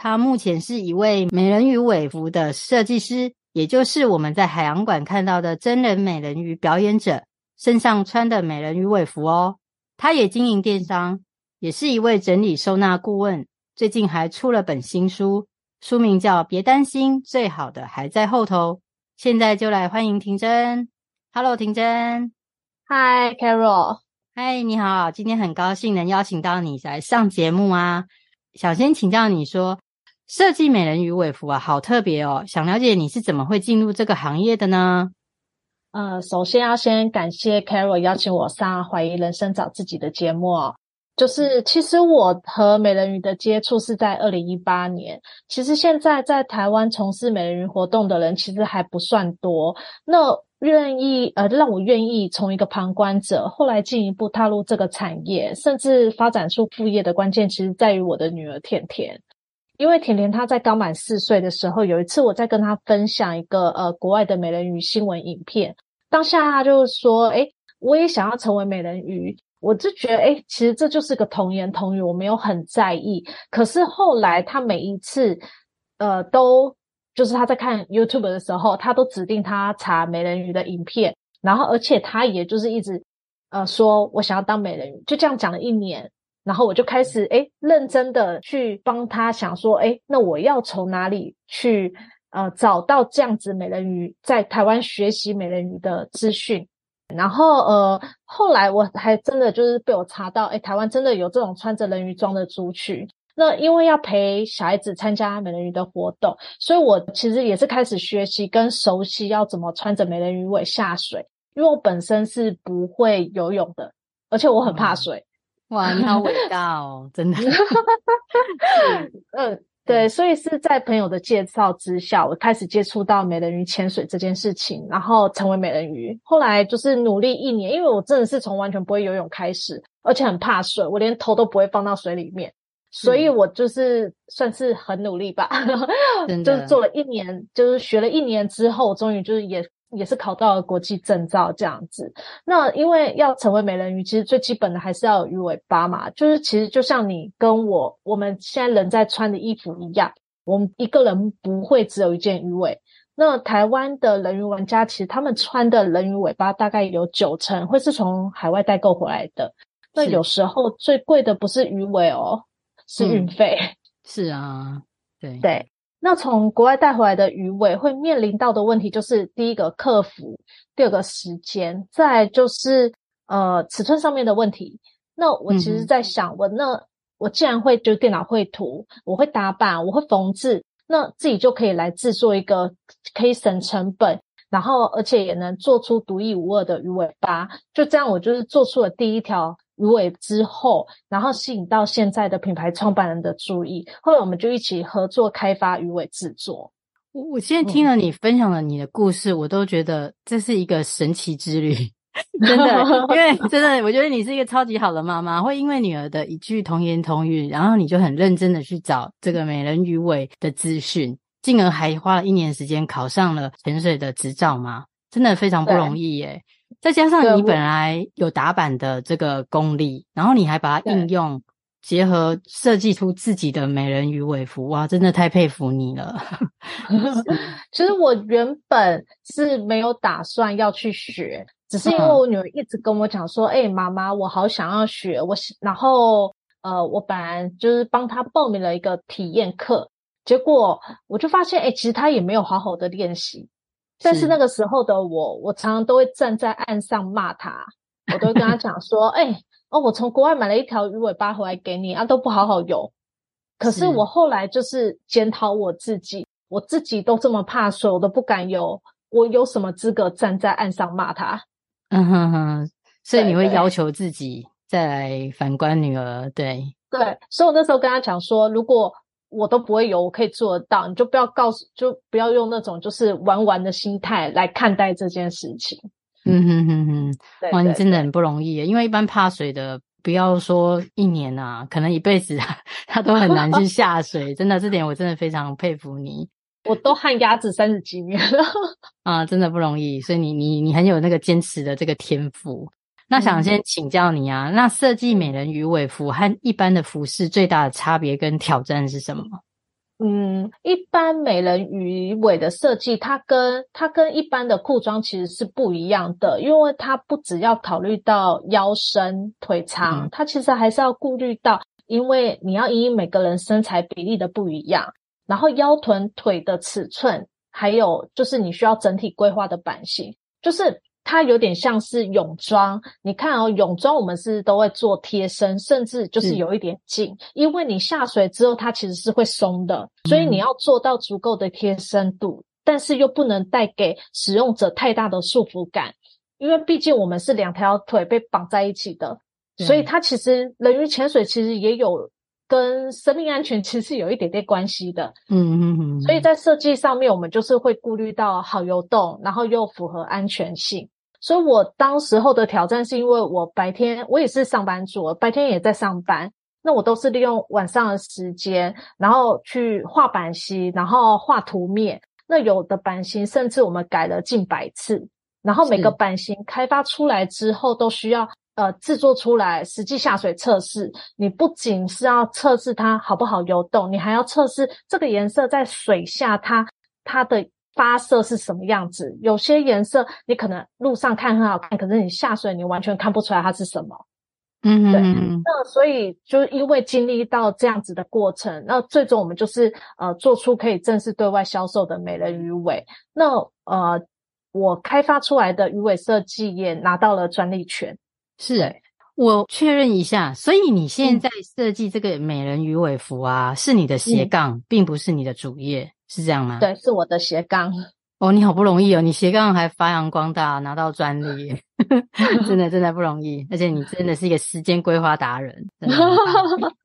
他目前是一位美人魚尾服的設計師，也就是我們在海洋館看到的真人美人魚表演者，身上穿的美人魚尾服哦。他也經營電商，也是一位整理收納顧問，最近還出了本新書，書名叫《別擔心，最好的還在後頭》。現在就來歡迎庭榛。Hello，庭榛。Hi, Carol. 嗨，你好，今天很高興能邀請到你來上節目啊。想先請教你說。設計美人魚尾服啊，好特別哦！想了解你是怎麼會進入這個行業的呢？呃，首先要先感謝 Carol 邀請我上《懷疑人生找自己的》節目哦。就是，其實我和美人魚的接觸是在二零一八年。其實現在在台灣從事美人魚活動的人其實還不算多。那願意呃，讓我願意從一個旁觀者，後來進一步踏入這個產業，甚至發展出副業的關鍵，其實在於我的女兒甜甜。因為甜甜她在剛滿四歲的時候，有一次我在跟她分享一個呃國外的美人魚新聞影片，當下她就說：“哎，我也想要成為美人魚。”我就覺得：“哎，其實這就是個童言童語，我沒有很在意。”可是後來，她每一次，呃，都就是她在看 YouTube 的時候，她都指定她查美人魚的影片，然後而且她也就是一直，呃，說我想要當美人魚，就這樣講了一年。然後我就開始誒，認真的去幫他想說，誒，那我要從哪裡去呃找到這樣子美人魚在台灣學習美人魚的資訊。然後呃，後來我還真的就是被我查到，誒，台灣真的有這種穿着人魚裝的族群。那因為要陪小孩子參加美人魚的活動，所以我其實也是開始學習跟熟悉要怎麼穿着美人魚尾下水，因為我本身是不會游泳的，而且我很怕水。哇，你好偉大哦！ 真的， 嗯，對，所以是在朋友的介紹之下，我開始接觸到美人魚潛水這件事情，然後成為美人魚。後來就是努力一年，因為我真的是從完全不會游泳開始，而且很怕水，我連頭都不會放到水裡面，所以我就是算是很努力吧，是 就是做了一年，就是學了一年之後，終於就是也。也是考到了國際證照這樣子。那因為要成為美人魚，其實最基本的還是要有魚尾巴嘛。就是其實就像你跟我，我們現在人在穿的衣服一樣，我們一個人不會只有一件魚尾。那台灣的人魚玩家其實他們穿的人魚尾巴大概有九成會是從海外代購回來的。那有時候最貴的不是魚尾哦，是運費。嗯，是啊，對對。那從國外帶回來的魚尾會面臨到的問題，就是第一個克服，第二個時間，再就是呃尺寸上面的問題。那我其實在想，嗯、我那我既然會就是、電腦繪圖，我會打版，我會縫製，那自己就可以來製作一個可以省成本，然後而且也能做出獨一無二的魚尾巴。就這樣，我就是做出了第一條。魚尾之後，然後吸引到現在的品牌創辦人的注意。後來我們就一起合作開發魚尾製作。我我現在聽了你分享了你的故事，嗯、我都覺得這是一個神奇之旅， 真的。 因為真的，我覺得你是一個超級好的媽媽，會因為女兒的一句童言童語，然後你就很認真的去找這個美人魚尾的資訊，進而還花了一年時間考上了潛水的執照嗎？真的非常不容易耶。再加上你本來有打版的這個功力，然後你還把它應用結合設計出自己的美人魚尾服，哇，真的太佩服你了 其實我原本是沒有打算要去學，只是因為我女兒一直跟我講說：“哎、嗯，媽、欸、媽，我好想要學。我”我然後呃，我本來就是幫她報名了一個體驗課，結果我就發現，哎、欸，其實她也沒有好好的練習。但是那個時候的我，我常常都會站在岸上罵他，我都會跟他講說：“哎、 欸，哦，我從國外買了一條魚尾巴回來給你啊，都不好好游。”可是我後來就是檢討我自己，我自己都這麼怕水，所以我都不敢游，我有什麼資格站在岸上罵他？嗯哼哼，所以你會要求自己再來反觀女兒，對對，對，所以我那時候跟他講說，如果，我都不會游，我可以做得到，你就不要告訴，就不要用那種就是玩玩的心態來看待這件事情。嗯哼哼哼，對對對，哇，你真的很不容易，因為一般怕水的，不要說一年啊，可能一輩子他都很難去下水。 真的，這點我真的非常佩服你。我都旱鴨子三十幾年了， 啊，真的不容易。所以你你你很有那個堅持的這個天賦。那想先請教你啊，那設計美人魚尾服和一般的服飾最大的差別跟挑戰是什麼？嗯，一般美人魚尾的設計，它跟它跟一般的褲裝其實是不一樣的，因為它不只要考慮到腰身、腿長、嗯，它其實還是要顧慮到，因為你要因應每個人身材比例的不一樣，然後腰臀腿的尺寸，還有就是你需要整體規劃的版型，就是。它有點像是泳裝，你看哦，泳裝我們是都會做貼身，甚至就是有一點緊，因為你下水之後它其實是會鬆的，所以你要做到足夠的貼身度，嗯，但是又不能帶給使用者太大的束縛感，因為畢竟我們是兩條腿被綁在一起的，嗯，所以它其實人魚潛水其實也有跟生命安全其實是有一點點關係的，嗯嗯嗯，所以在設計上面我們就是會顧慮到好游動，然後又符合安全性。所以我當時候的挑戰是因為我白天我也是上班族，白天也在上班。那我都是利用晚上的時間，然後去畫版型，然後畫圖面。那有的版型甚至我們改了近百次。然後每個版型開發出來之後，都需要呃制作出來，實際下水測試。你不僅是要測試它好不好游動，你還要測試這個顏色在水下它它的。發色是什麼樣子？有些顏色你可能路上看很好看，可是你下水你完全看不出來它是什麼。嗯哼嗯哼，對。那所以就因為經歷到這樣子的過程，那最終我們就是呃做出可以正式對外銷售的美人魚尾。那呃，我開發出來的魚尾設計也拿到了專利權。是誒、欸，我確認一下。所以你現在設計這個美人魚尾服啊，嗯、是你的斜槓、嗯，並不是你的主業。是這樣嗎？對，是我的斜槓。哦，你好不容易哦，你斜槓還發揚光大，拿到專利， 真的真的不容易。而且你真的是一個時間規劃達人，真的。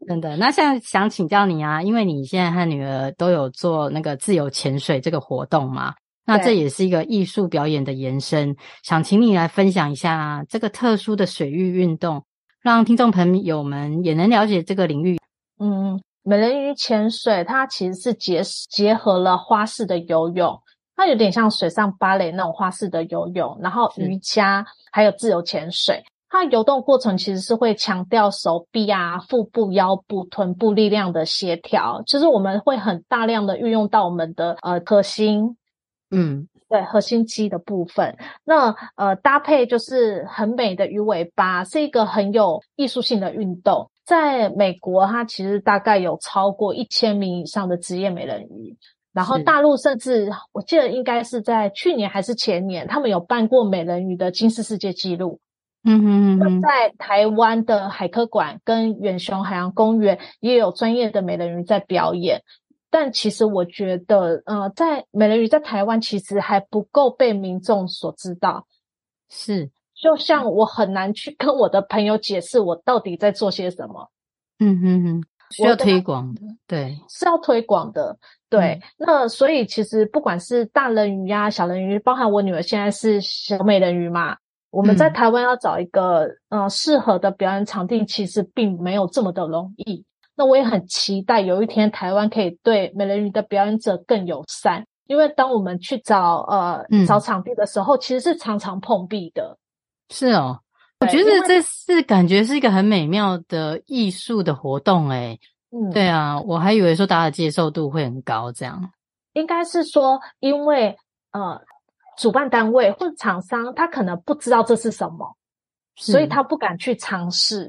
真的。 那現在想請教你啊，因為你現在和女兒都有做那個自由潛水這個活動嘛，那這也是一個藝術表演的延伸，想請你來分享一下啊，這個特殊的水域運動，讓聽眾朋友們也能了解這個領域。嗯。美人魚潛水，它其實是結結合了花式的游泳，它有點像水上芭蕾那種花式的游泳，然後瑜伽還有自由潛水，它游動過程其實是會強調手臂啊、腹部、腰部、臀部力量的協調，其實我們會很大量的運用到我們的呃核心，嗯，對核心肌的部分。那呃搭配就是很美的魚尾巴，是一個很有藝術性的運動。在美國，它其實大概有超過一千名以上的職業美人魚。然後大陸甚至，我記得應該是在去年還是前年，他們有辦過美人魚的金氏世界紀錄。嗯哼嗯嗯。在台灣的海科館跟遠雄海洋公園也有專業的美人魚在表演，但其實我覺得，呃，在美人魚在台灣其實還不夠被民眾所知道。是。就像我很難去跟我的朋友解釋我到底在做些什麼，嗯嗯嗯，需要推廣的，對，是要推廣的，對、嗯。那所以其實不管是大人魚呀、啊、小人魚，包含我女兒現在是小美人魚嘛，我們在台灣要找一個嗯、呃、適合的表演場地，其實並沒有這麼的容易。那我也很期待有一天台灣可以對美人魚的表演者更友善，因為當我們去找呃找場地的時候、嗯，其實是常常碰壁的。是哦，我覺得這是感覺是一個很美妙的藝術的活動哎、欸，嗯，對啊，我還以為說大家的接受度會很高這樣，應該是說因為呃，主辦單位或廠商他可能不知道這是什麼是，所以他不敢去嘗試，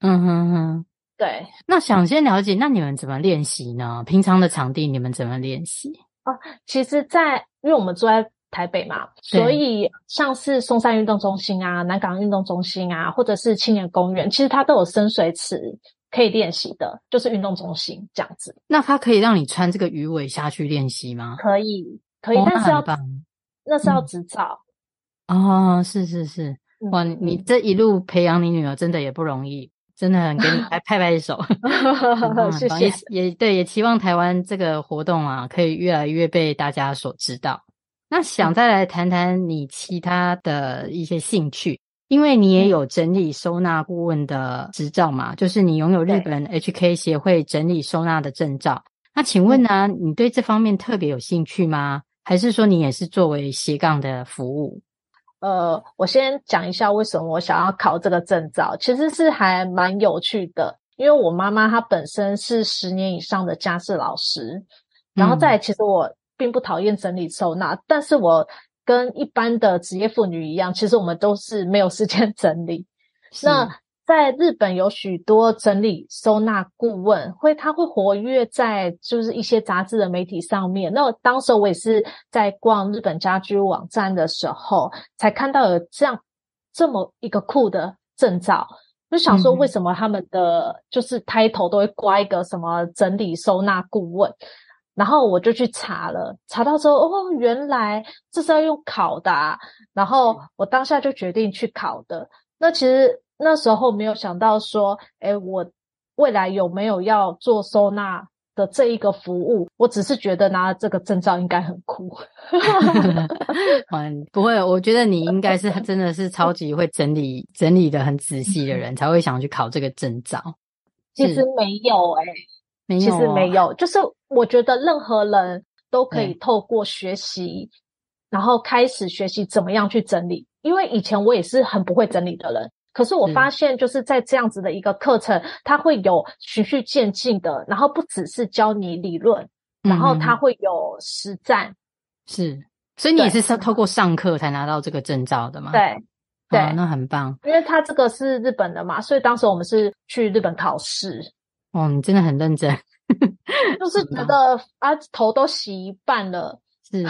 嗯哼哼，對，那想先了解，那你們怎麼練習呢？平常的場地你們怎麼練習啊、哦？其實在，在因為我們住在。台北嘛、啊，所以像是松山運動中心啊、南港運動中心啊，或者是青年公園，其實它都有深水池可以練習的，就是運動中心這樣子。那它可以讓你穿這個魚尾下去練習嗎？可以，可以，哦、但是要那,那是要執照、嗯、哦。是是是，嗯、哇你，你這一路培養你女兒真的也不容易，真的很給你拍拍拍手、 嗯，謝謝也,也對，也期望台灣這個活動啊，可以越來越被大家所知道。那想再來談談你其他的一些興趣，嗯、因為你也有整理收納顧問的執照嘛，就是你擁有日本 HK 協會整理收納的證照。嗯、那請問呢、啊，你對這方面特別有興趣嗎？還是說你也是作為斜槓的服務？呃，我先講一下為什麼我想要考這個證照，其實是還蠻有趣的，因為我媽媽她本身是十年以上的家事老師，然後再來其實我、嗯。並不討厭整理收納，但是我跟一般的職業婦女一樣，其實我們都是沒有時間整理。那在日本有許多整理收納顧問會，他會活躍在就是一些雜誌的媒體上面。那我當時我也是在逛日本家居網站的時候，才看到有這樣這麼一個酷的證照，就想說為什麼他們的就是抬頭都會掛一個什麼整理收納顧問。嗯嗯然後我就去查了，查到之後哦，原來這是要用考的啊，然後我當下就決定去考的。那其實那時候沒有想到說，哎，我未來有沒有要做收納的這一個服務，我只是覺得拿了這個證照應該很酷。 不會，我覺得你應該是真的是超級會整理， 整理得很仔細的人，才會想去考這個證照。其實沒有哎、欸。沒有哦、其實沒有，就是我覺得任何人都可以透過學習，然後開始學習怎麼樣去整理。因為以前我也是很不會整理的人，可是我發現就是在這樣子的一個課程，它會有循序漸進的，然後不只是教你理論，然後它會有實戰。嗯嗯，是，所以你也是上透過上課才拿到這個證照的嗎？對，對，哦、那很棒。因為他這個是日本的嘛，所以當時我們是去日本考試。哦，你真的很認真， 就是覺得是啊，頭都洗一半了，是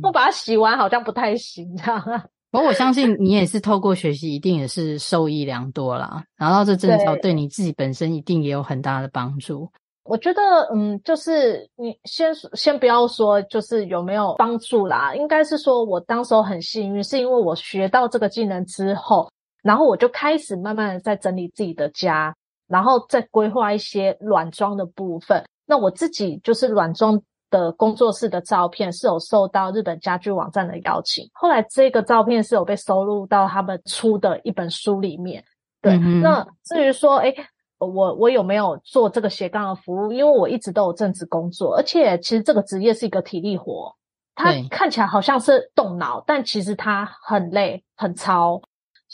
不 把它洗完好像不太行，這樣。啊不過我相信你也是透過學習，一定也是受益良多啦。 然後拿到這證照對,對你自己本身一定也有很大的幫助。我覺得，嗯，就是你先先不要說，就是有沒有幫助啦，應該是說我當時候很幸運，是因為我學到這個技能之後，然後我就開始慢慢的在整理自己的家。然後再規劃一些軟裝的部分。那我自己就是軟裝的工作室的照片是有受到日本家具網站的邀請，後來這個照片是有被收錄到他們出的一本書裡面。對，嗯、那至於說，哎，我我有沒有做這個斜槓的服務？因為我一直都有正職工作，而且其實這個職業是一個體力活，它看起來好像是動腦，但其實它很累很操。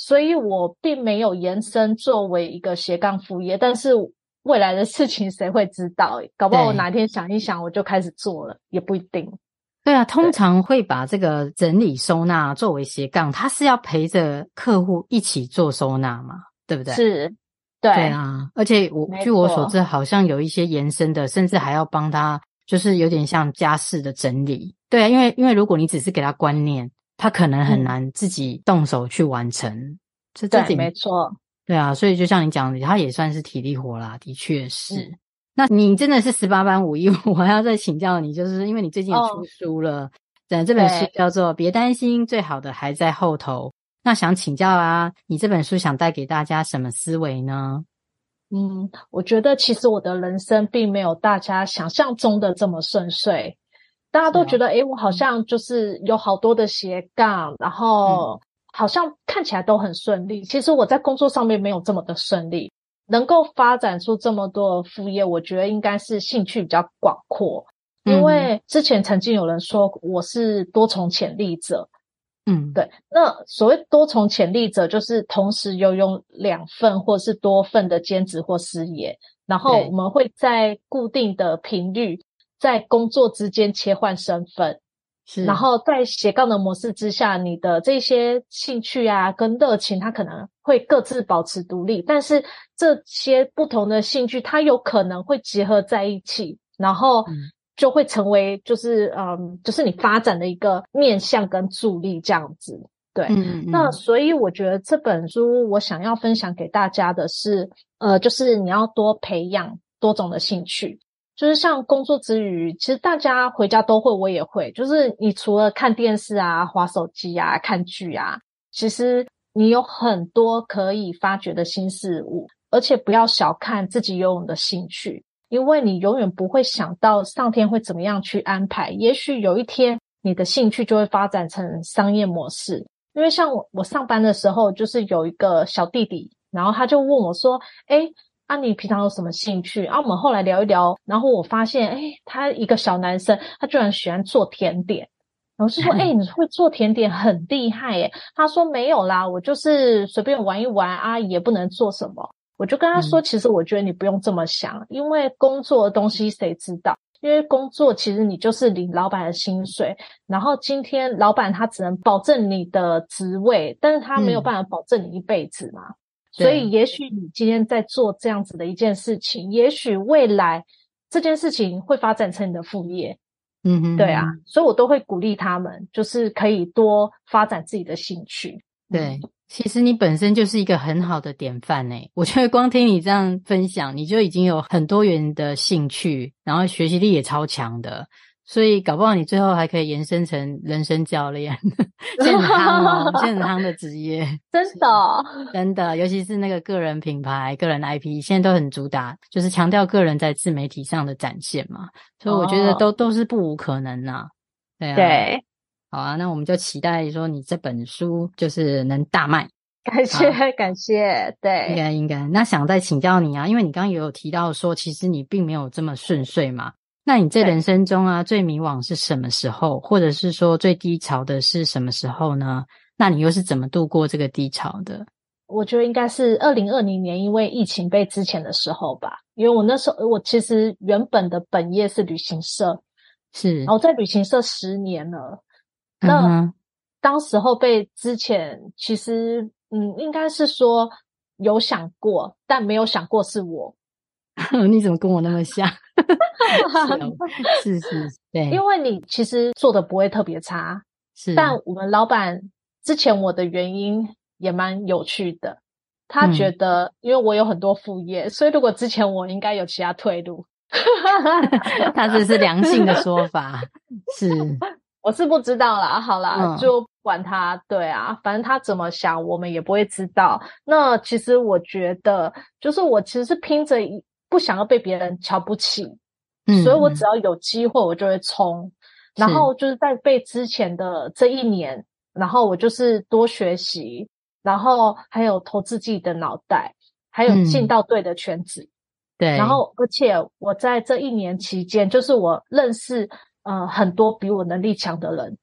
所以，我並沒有延伸作為一個斜槓副業，但是未來的事情誰會知道？搞不好我哪天想一想，我就開始做了，也不一定。對啊，通常會把這個整理收納作為斜槓，他是要陪着客戶一起做收納嘛，對不對？是，對對啊。而且我據我所知，好像有一些延伸的，甚至還要幫他，就是有點像家事的整理。對啊，因為因為如果你只是給他觀念。他可能很難自己動手去完成，是、嗯、自己沒錯，對啊，所以就像你講的，他也算是體力活啦，的確是。嗯、那你真的是十八般武藝，我還要再請教你，就是因為你最近也出書了，等、哦、這本書叫做《別擔心，最好的還在後頭》。那想請教啊，你這本書想帶給大家什麼思維呢？嗯，我覺得其實我的人生並沒有大家想象中的這麼順遂。大家都覺得，哎、啊欸，我好像就是有好多的斜槓、嗯，然後好像看起來都很順利。其實我在工作上面沒有這麼的順利，能夠發展出這麼多副業，我覺得應該是興趣比較廣闊。因為之前曾經有人說我是多重潛力者，嗯，對。那所謂多重潛力者，就是同時擁有兩份或者是多份的兼職或事業，然後我們會在固定的頻率，在工作之間切換身份，然後在斜槓的模式之下，你的這些興趣啊跟熱情，它可能會各自保持獨立，但是這些不同的興趣，它有可能會結合在一起，然後就會成為就是嗯，嗯，就是你發展的一個面向跟助力這樣子。對。嗯嗯，那所以我覺得這本書我想要分享給大家的是，呃，就是你要多培養多種的興趣。就是像工作之餘，其實大家回家都會，我也會。就是你除了看電視啊、滑手機啊、看劇啊，其實你有很多可以發掘的新事物。而且不要小看自己擁有的興趣，因為你永遠不會想到上天會怎麼樣去安排。也許有一天，你的興趣就會發展成商業模式。因為像我，我上班的時候就是有一個小弟弟，然後他就問我說：“誒……啊，你平常有什麼興趣？啊，我們後來聊一聊，然後我發現，誒、哎、他一個小男生，他居然喜歡做甜點。然後我就說，誒、哎、你會做甜點很厲害耶？他說沒有啦，我就是隨便玩一玩啊，也不能做什麼。我就跟他說、嗯，其實我覺得你不用這麼想，因為工作的東西誰知道？因為工作其實你就是領老闆的薪水，然後今天老闆他只能保證你的職位，但是他沒有辦法保證你一輩子嘛。嗯所以，也許你今天在做這樣子的一件事情，也許未來這件事情會發展成你的副業。嗯哼哼，對啊，所以我都會鼓勵他們，就是可以多發展自己的興趣。對，其實你本身就是一個很好的典範欸，我覺得光聽你這樣分享，你就已經有很多元的興趣，然後學習力也超強的。所以搞不好你最後還可以延伸成人生教練 夯，健 康 哦，健康的職業，真的真的，尤其是那個個人品牌、個人 IP，現在都很主打，就是強調個人在自媒體上的展現嘛。所以我覺得都、哦、都是不無可能啊。對啊。對。好啊，那我們就期待說你這本書就是能大賣。感謝感謝，對。應該應該，那想再請教你啊，因為你剛剛也有提到說，其實你並沒有這麼順遂嘛。那你在人生中啊，最迷惘是什麼時候？或者是說最低潮的是什麼時候呢？那你又是怎麼度過這個低潮的？我覺得應該是二零二零年，因為疫情被資遣的時候吧。因為我那時候，我其實原本的本業是旅行社，是，哦，在旅行社十年了、uh -huh。那當時候被資遣，其實嗯，應該是說有想過，但沒有想過是我。 你怎麼跟我那麼像？ 是是,是，對，因為你其實做的不會特別差，是。但我們老板之前我的原因也蠻有趣的，他覺得因為我有很多副業，嗯、所以如果之前我應該有其他退路。哈哈哈，他這是良性的說法， 是。我是不知道啦，好啦，oh. 就不管他。對啊，反正他怎麼想，我們也不會知道。那其實我覺得，就是我其實是拼着不想要被別人瞧不起。所以我只要有機會，我就會衝、嗯。然後就是在被之前的這一年，然後我就是多學習，然後還有投資自己的腦袋，嗯、還有進到對的圈子。對，然後而且我在這一年期間，就是我認識呃很多比我能力強的人。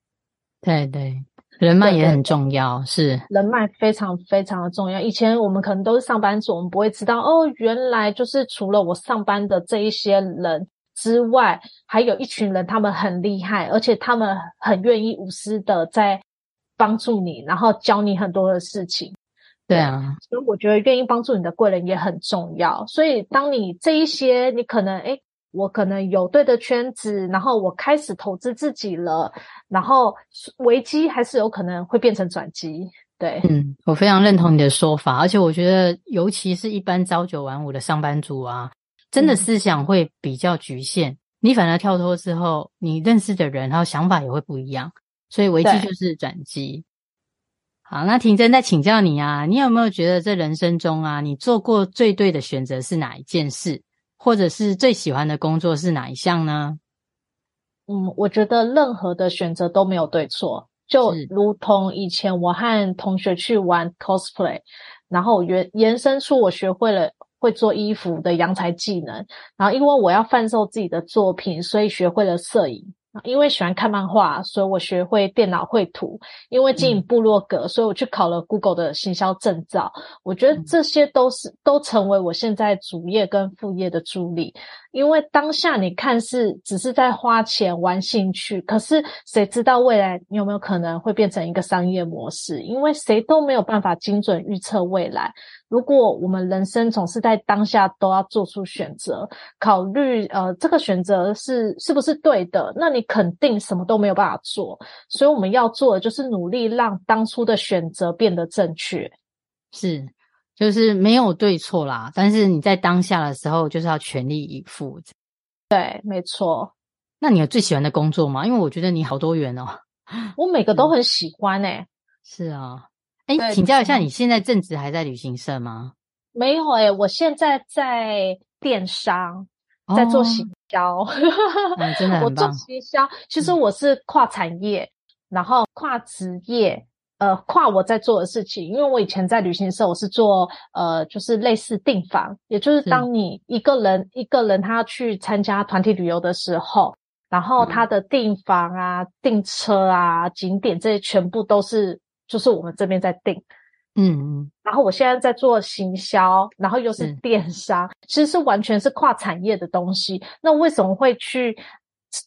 對對，人脈也很重要，對對是人脈非常非常的重要。以前我們可能都是上班族，我們不會知道哦，原來就是除了我上班的這一些人。之外，還有一群人，他們很厲害，而且他們很願意無私的在幫助你，然後教你很多的事情。對，對啊，所以我覺得願意幫助你的貴人也很重要。所以，當你這一些，你可能，誒，欸，我可能有對的圈子，然後我開始投資自己了，然後危機還是有可能會變成轉機。對，嗯，我非常認同你的說法，而且我覺得，尤其是一般朝九晚五的上班族啊。真的思想會比較局限，嗯、你反而跳脫之後，你認識的人，然後想法也會不一樣。所以危機就是轉機。好，那庭榛再請教你啊，你有沒有覺得這人生中啊，你做過最對的選擇是哪一件事，或者是最喜歡的工作是哪一項呢？嗯，我覺得任何的選擇都沒有對錯，就如同以前我和同學去玩 cosplay，然後延延伸出我學會了，會做衣服的洋裁技能，然後因為我要販售自己的作品，所以學會了攝影。因為喜歡看漫畫，所以我學會電腦繪圖。因為經營部落格、嗯，所以我去考了 Google 的行銷證照。我覺得這些都是、嗯、都成為我現在主業跟副業的助力。因為當下你看似只是在花錢玩興趣，可是誰知道未來你有沒有可能會變成一個商業模式？因為誰都沒有辦法精準預測未來。如果我們人生總是在當下都要做出選擇，考慮呃，這個選擇是是不是對的，那你肯定什麼都沒有辦法做。所以我們要做的就是努力讓當初的選擇變得正確。是。就是沒有對錯啦，但是你在當下的時候就是要全力以赴。對，沒錯。那你有最喜歡的工作嗎？因為我覺得你好多元哦。我每個都很喜歡誒、欸嗯。是啊，誒，請教一下，你，你現在正職還在旅行社嗎？沒有誒、欸，我現在在電商，在做行銷。哦 嗯、真的，我做行銷，其實我是跨產業、嗯，然後跨職業。呃，跨我在做的事情，因為我以前在旅行社，我是做呃，就是類似訂房，也就是當你一個人一個人他要去參加團體旅遊的時候，然後他的訂房啊、訂車啊，嗯、景點這些全部都是就是我們這邊在訂，嗯嗯，然後我現在在做行銷，然後又是電商是，其實是完全是跨產業的東西。那為什麼會去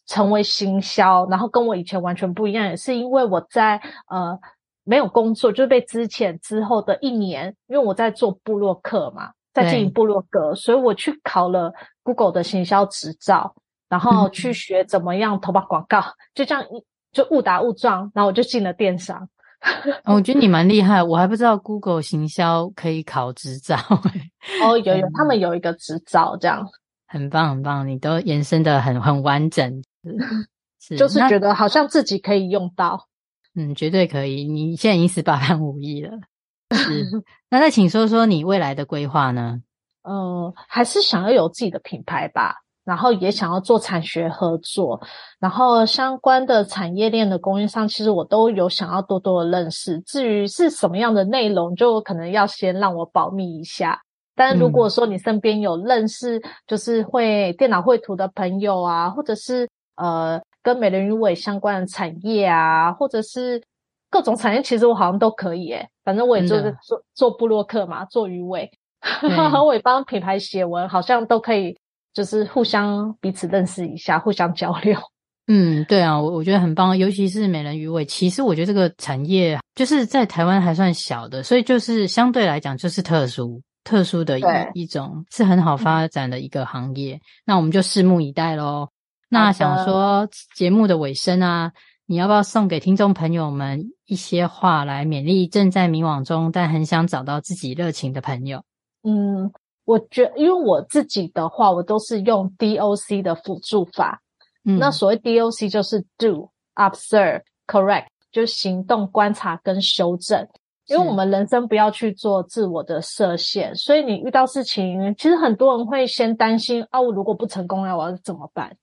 成為行銷？然後跟我以前完全不一樣，也是因為我在呃。沒有工作，就被之前之後的一年，因為我在做部落客嘛，在經營部落格，所以我去考了 Google 的行銷執照，然後去學怎麼樣投放廣告，嗯，就這樣就誤打誤撞，然後我就進了電商。哦，我覺得你蠻厲害，我還不知道 Google 行銷可以考執照欸。哦，有有，嗯，他們有一個執照，這樣很棒很棒，你都延伸得很很完整，就是覺得好像自己可以用到。嗯，絕對可以。你現在已經十八般武藝了。 那那，請說說你未來的規劃呢？嗯，還是想要有自己的品牌吧，然後也想要做產學合作，然後相關的產業鏈的供應商，其實我都有想要多多的認識。至於是什麼樣的內容，就可能要先讓我保密一下。但如果說你身邊有認識，就是會電腦繪圖的朋友啊，或者是呃。跟美人魚尾相關的產業啊，或者是各種產業，其實我好像都可以誒、欸。反正我也做做做部落客嘛，做魚尾，嗯、 我也幫品牌寫文，好像都可以，就是互相彼此認識一下，互相交流。嗯，對啊，我我覺得很棒，尤其是美人魚尾，其實我覺得這個產業就是在台灣還算小的，所以就是相對來講就是特殊特殊的一，一種是很好發展的一個行業。嗯、那我們就拭目以待嘍。那想說節目的尾聲啊，uh, 你要不要送給聽眾朋友們一些話來勉勵正在迷惘中但很想找到自己熱情的朋友？嗯，我覺得，因為我自己的話，我都是用 D O C 的輔助法。嗯，那所謂 D O C 就是 Do、Observe、Correct，就是行動、觀察跟修正。因為我們人生不要去做自我的設限，所以你遇到事情，其實很多人會先擔心：啊，我如果不成功了，啊，我要怎麼辦？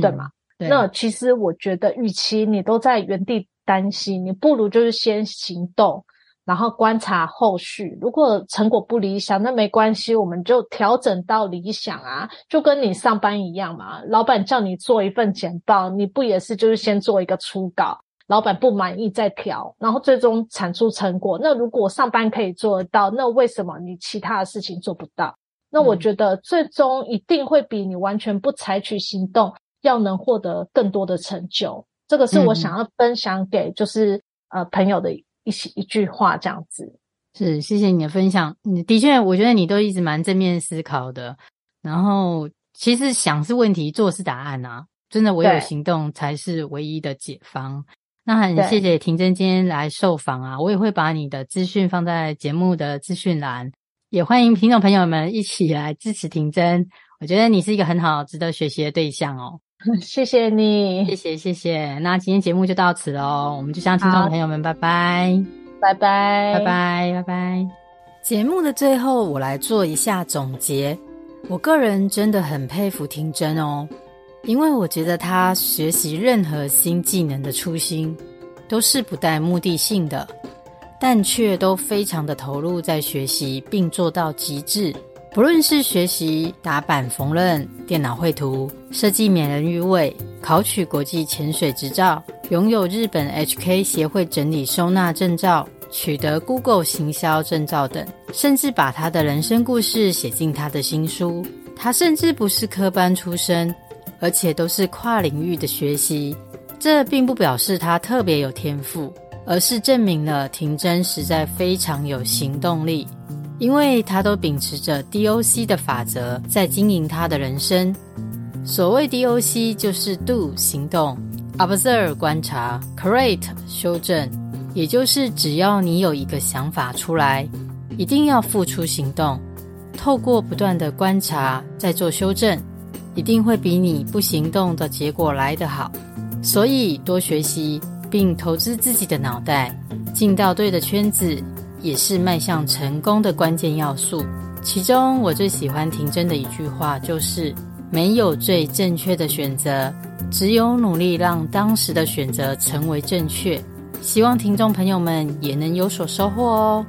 對嗎？嗯，對。那其實我覺得，預期你都在原地擔心，你不如就是先行動，然後觀察後續。如果成果不理想，那沒關係，我們就調整到理想啊。就跟你上班一樣嘛，老板叫你做一份簡報，你不也是就是先做一個初稿，老板不滿意再調，然後最終產出成果。那如果上班可以做得到，那為什麼你其他的事情做不到？那我覺得最終一定會比你完全不採取行動。嗯要能獲得更多的成就，這個是我想要分享給就是、嗯、呃朋友的一起一,一句話這樣子。是，謝謝你的分享。你的確，我覺得你都一直蠻正面思考的。然後，其實想是問題，做是答案啊！真的，唯有行動才是唯一的解方。那很謝謝庭榛今天來受訪啊！我也會把你的資訊放在節目的資訊欄，也歡迎聽眾朋友們一起來支持庭榛。我覺得你是一個很好值得學習的對象哦。謝謝你，謝謝謝謝。那今天節目就到此了哦，我們就向聽眾朋友們拜拜，拜拜，拜拜，拜拜。節目的最後，我來做一下總結。我個人真的很佩服庭榛哦，因為我覺得她學習任何新技能的初心都是不帶目的性的，但卻都非常的投入在學習，並做到極致。不論是學習打板縫紉、電腦繪圖、設計美人魚尾、考取國際潛水執照、擁有日本 HK 協會整理收納證照、取得 Google 行銷證照等，甚至把他的人生故事寫進他的新書。他甚至不是科班出身，而且都是跨領域的學習。這並不表示他特別有天賦，而是證明了庭榛實在非常有行動力。因為他都秉持着 DOC 的法則在經營他的人生。所謂 DOC 就是 Do 行動、Observe 觀察、Create 修正，也就是只要你有一個想法出來，一定要付出行動，透過不斷的觀察再做修正，一定會比你不行動的結果來得好。所以多學習，並投資自己的腦袋，進到對的圈子。也是邁向成功的關鍵要素。其中，我最喜歡庭榛的一句話就是：“沒有最正確的選擇，只有努力讓當時的選擇成為正確。”希望聽眾朋友們也能有所收穫哦。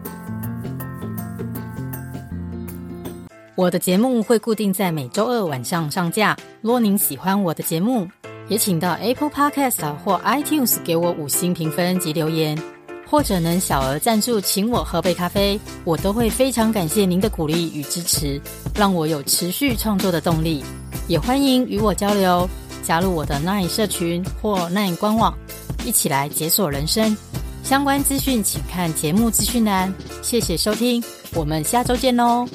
我的節目會固定在每週二晚上上架。若您喜歡我的節目，也請到 Apple Podcast 或 iTunes 給我五星評分及留言。或者能小額贊助，請我喝杯咖啡，我都會非常感謝您的鼓勵與支持，讓我有持續創作的動力。也歡迎與我交流，加入我的 LINE 社群或 LINE 官網，一起來解鎖人生。相關資訊請看節目資訊欄。謝謝收聽，我們下周見哦。